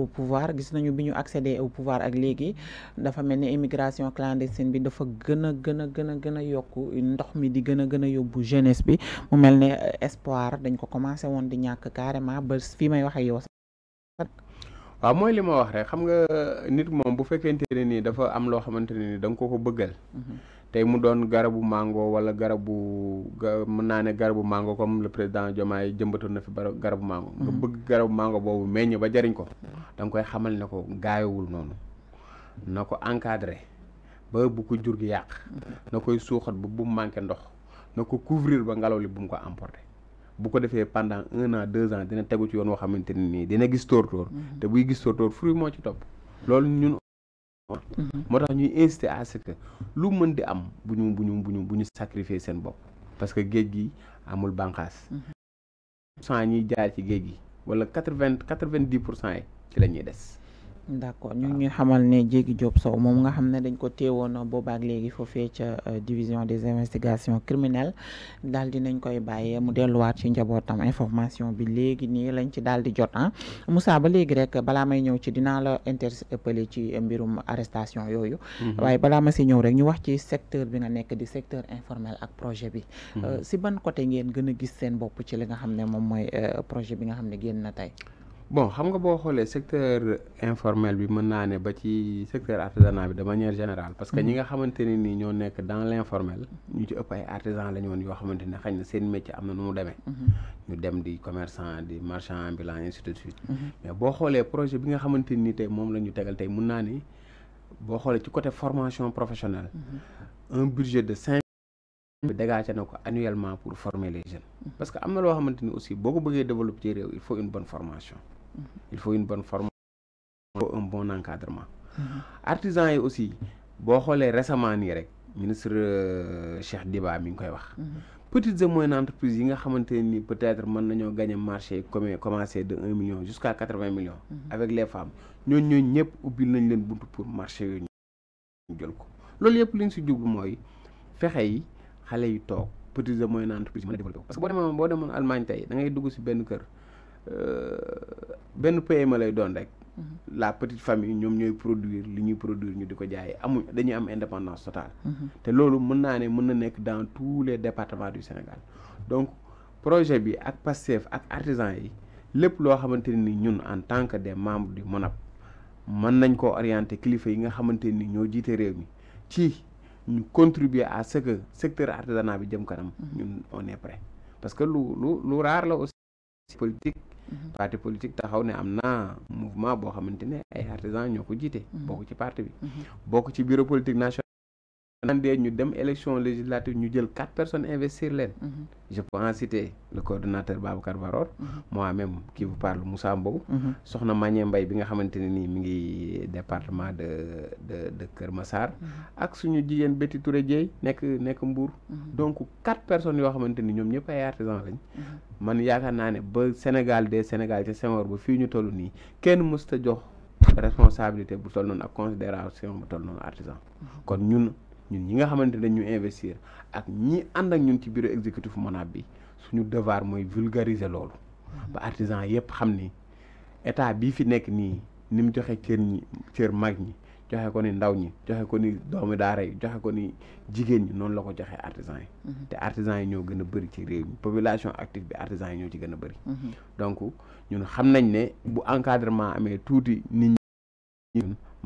au pouvoir gis nañu biñu accéder au pouvoir ak légui dafa melni ni immigration clandestine bi dafa gëna gëna gëna gëna yokku ndox mi di gëna gëna yobbu jeunesse bi mu melni euh, espoir dañ ko commencé won di ñak carrément ba fii may wax ak yow sax waaw mooy li ma wax rek xam nga nit mom bu fekkente ni dafa am lo xamante ne ko ko bëggal mm-hmm. tey mu doon garabu mango wala garabu mën naa ne garabu mango comme le président Diomaye jëmbatoon na fi garabu mango. nga mm-hmm. bëgg garabu mango boobu meññ ba jariñ ko. danga koy xamal ne ko gaayowul noonu na ko encadré ba bu ko jur gi yàq. na koy suuxat ba bu mu manqué ndox na ko couvrir ba ngelaw li bu mu ko emporté. bu ko defee pendant un an deux ans dina tegu ci yoon woo xamante ne nii dina gis tóor tóor mm-hmm. te buy gis tóor tóor fruit moo ci topp loolu ñun Mmh. moo tax ñuy incité à que lu mën di am bu ñu bu ñu bu ñu sacrifier seen bopp parce que géej gi amul bànqaas mmh. cent ñuy jaar ci géej gi wala quatre vingt quatre vingt dix pour cent yi ci la ñuy des d' accord ñu ngi xamal ne Diégui Diop Sow moom nga xam ne dañ ko téewoon boobaak léegi foofee ca euh, division des investigations criminelles daal dinañ koy bàyyee mu delluwaat ci njabootam information bi léegi nii lañ ci daal di jot ah Moussa ba léegi rek balaa may ñëw ci dinaa la interpellé ci mbirum arrestation yooyu. Mhm. waaye balaa ma si ñëw rek ñu wax ci secteur bi nga nekk di secteur informel ak projet bi. Mhm. Euh, si ban côté ngeen gën a gis seen bopp ci li nga xam ne moom mooy euh, projet bi nga xam ne génn na tey. bon xam nga boo secteur informel bi mën naa ne ba ci secteur artisanal bi de manière générale parce que ñi mm-hmm. nga xamante ni nekk dans l'informel. Nous ñu ci ëpp ay artisan la ñu woon yoo xamante ne xëy na seen métier am na nu mu demee mm-hmm. ñu dem di commerçant di marchand ambulant ainsi de suite mm-hmm. mais boo xoolee projet bi nga xamante ni tey moom la ñu tegal tey mën ci côté formation professionnelle un budget de cinq bi dégagé na annuellement pour former les jeunes parce que am na loo xamante aussi boo ko développer ci il faut une bonne formation il faut une bonne formation un bon encadrement mm-hmm. artisans yi aussi boo xoolee récemment nii rek ministre euh, Cheikh Diba mi ngi koy wax mm-hmm. petites et moyennes entreprises yi nga xamante ni peut-être mën nañoo gagner marché comme commencé de un million jusqu'à quatre-vingts mm-hmm. avec les femmes ñooñ ñooñ ñëpp ubbil nañ leen buntu pour marché yooyu ñu ko loolu yëpp li ñu si jublu mooy fexe yi xale yu toog petites et moyennes entreprises yi mën a développé parce que boo demoon boo da ngay dugg si benn kër Euh, ben PME lay don rek. la petite famille ñom ñoy produire li ñuy produire ñu diko jaay amu dañuy am indépendance totale. Mhm. te lolu mën na né mën na nek dans tous les départements du Sénégal donc projet bi ak Pastef ak artisan yi lepp lo xamanteni ni ñun en tant que des membres du MONAP mën nañ ko orienter kilifa yi nga xamanteni ni ñoo jiite réew mi ci ñu contribuer à ce que secteur artisanat bi jëm kanam. Mhm. ñun on est prêt parce que lu lu lu rare la aussi politique. Mhm. parti politique taxaw ne am na mouvement boo xamante ne ay artisans ñoo jiite mhm. bokk ci parti bi mhm. bokk ci bureau politique nous ñu élection législative personnes investir mhm. je peux inciter le coordonnateur Babacar Baror mhm. moi-même qui vous parle Moussa mhm. département de de de Massar ak Betty Touré donc quatre personnes qui artisans suis Sénégal des Sénégal responsabilité bu la considération bu Sénégal, ñun ñi nga xamante ne ñu investir ak ñi ànd ak ñun ci bureau exécutif monab bi suñu devoir mooy vulgariser loolu ba artisan yëpp xam ni état bii fi nekk nii ni mu joxe cër ñi cër mag ñi joxe ko ni ndaw ñi joxe ko ni doomi daara yi joxe ko ni jigéen ñi noonu la ko joxe artisan yi mhm. te artisan yi ñoo gën a bëri ci réew population active bi artisan yi ñoo ci gën a bëri mhm. donc ñun xam nañ ne bu encadrement amee tuuti nit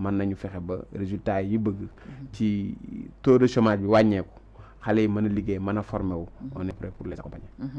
man nañu fexe ba résultat yi bëgg ci taux de chômage bi wàññeeku xale yi mën a liggéey mën a formé wu mmh. on est prêt pour les accompagner mmh.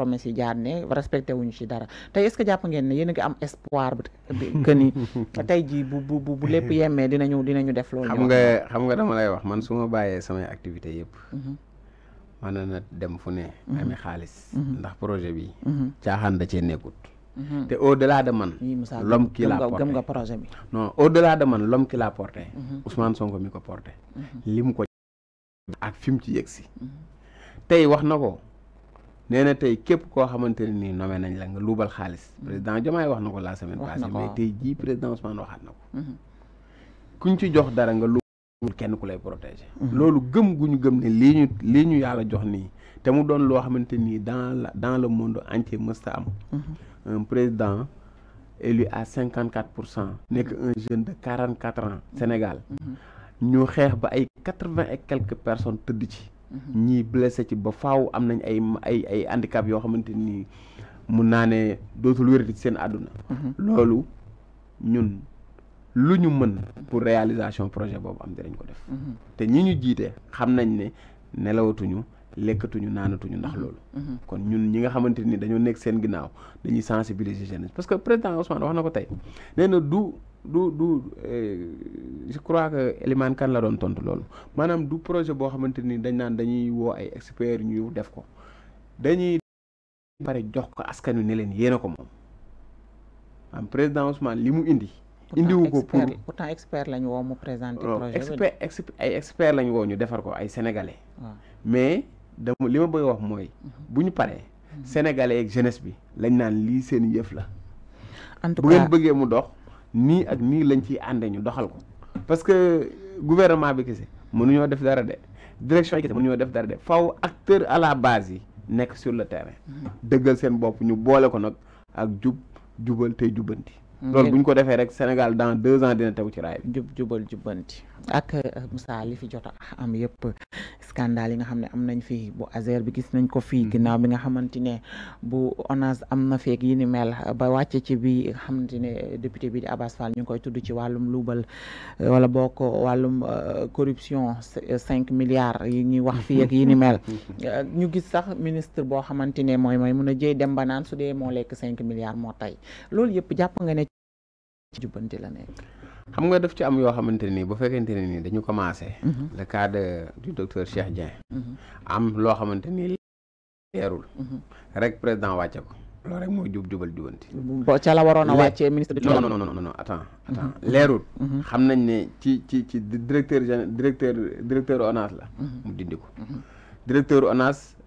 promesse yi jaar ne respecté wuñ ci dara tay est-ce que japp ngeen ne yéen nga am espoir ke ni tay ji bu bu bu lepp yemé ya, dinañu dinañu def loolu. xam ya. nga xam nga dama lay wax man suma baye sama activité yépp mën mhm. na dem fu né mhm. amee xaalis. Mhm. ndax projet bi. caaxaan da ci nekkut. té au delà de man. l'homme qui l'a porté gëm nga projet bi. non au delà de man l'homme qui l'a porté. Ousmane Sonko mi ko porté. lim ko ak fim ci yegg tay wax nako néna tay képp nañ la mm-hmm. président wax na la semaine passée mais président Ousmane waxaat na mm-hmm. kuñ ci jox dara nga kenn protéger dans dans le monde entier mm-hmm. un président élu à 54% n'est un jeune de 44 ans Sénégal ñu xeex ba et quelques personnes ci ñii blessé ci ba faaw am nañ ay ay ay handicap yoo xamante nii mun naa ne dootul wérati ci seen àdduna mhm. loolu ñun lu ñu mën pour réalisation projet boobu am dinañ ko def mhm. te ñi ñu jiite xam nañ ne nelawatuñu lekkatuñu naanatuñu ndax mhm. loolu kon ñun ñi nga xamante ni dañoo nekk seen ginnaaw dañuy sensibiliser jeunesse parce que président Ousmane wax na ko tey nee du du du eh, je crois que Eliman kan la doon tontu loolu maanaam du projet boo xamante nii dañ naan dañuy woo ay experts ñu def ko dañuy pare jox ko askan wi ni leen yéen a ko moom am président Ousmane li mu indi. indiwu ko pour pourtant expert lañ woo mu présenter projet expert ay expert lañ woo ñu defar ko ay sénégalais. mais dama li ma bëgg wax mooy. Mhm. bu ñu paree. Mhm. sénégalais ak jeunesse bi lañ naan lii seen yëf la. en bu bëggee mu dox. nii ak nii lañ ciy àndee ñu doxal ko parce que gouvernement bi kese mënuñoo def dara de direction yi kese mënuñoo def dara de faw acteur à la base yi nekk sur le terrain mm-hmm. dëggal seen bopp ñu boole ko nag ak jub jubal tey jubbanti loolu buñ ko défé rek Sénégal dans 2 ans dina téw ci raay bi. jub jubal jubbanti ak euh, Moussa li fi jot am yépp scandale yi nga xamné am nañ fi bu Azer bi gis nañ ko fi mm-hmm. ginnaw bi nga xamante bu ONAS am na feeg yi mel ba wàcce ci bi nga xamante député bi di Abass Fall ñu koy tudd ci walum loubal euh, wala boko walum euh, corruption 5 milliards yi ñi wax fi ak yini mel ñu gis sax ministre bo xamante moy moy mëna jey dem ba su dé mo lek 5 milliards mo tay lool yépp japp nga ne ci jubbante la nekk. xam nga def ci am yoo xamante ne nii bu fekkente ne nii dañu commencé. Mhm. le cas de du docteur Cheikh Dieng. Mhm. am loo xamante ni leerul. Mhm. rek président wàcce ko. loolu rek mooy jub jubal bo boo ca la waroon a wàccee ministre de. non non non non attends attends leerul. xam nañ ne ci ci ci directeur directeur directeur ONAS la. mu dindi ko. directeur ONAS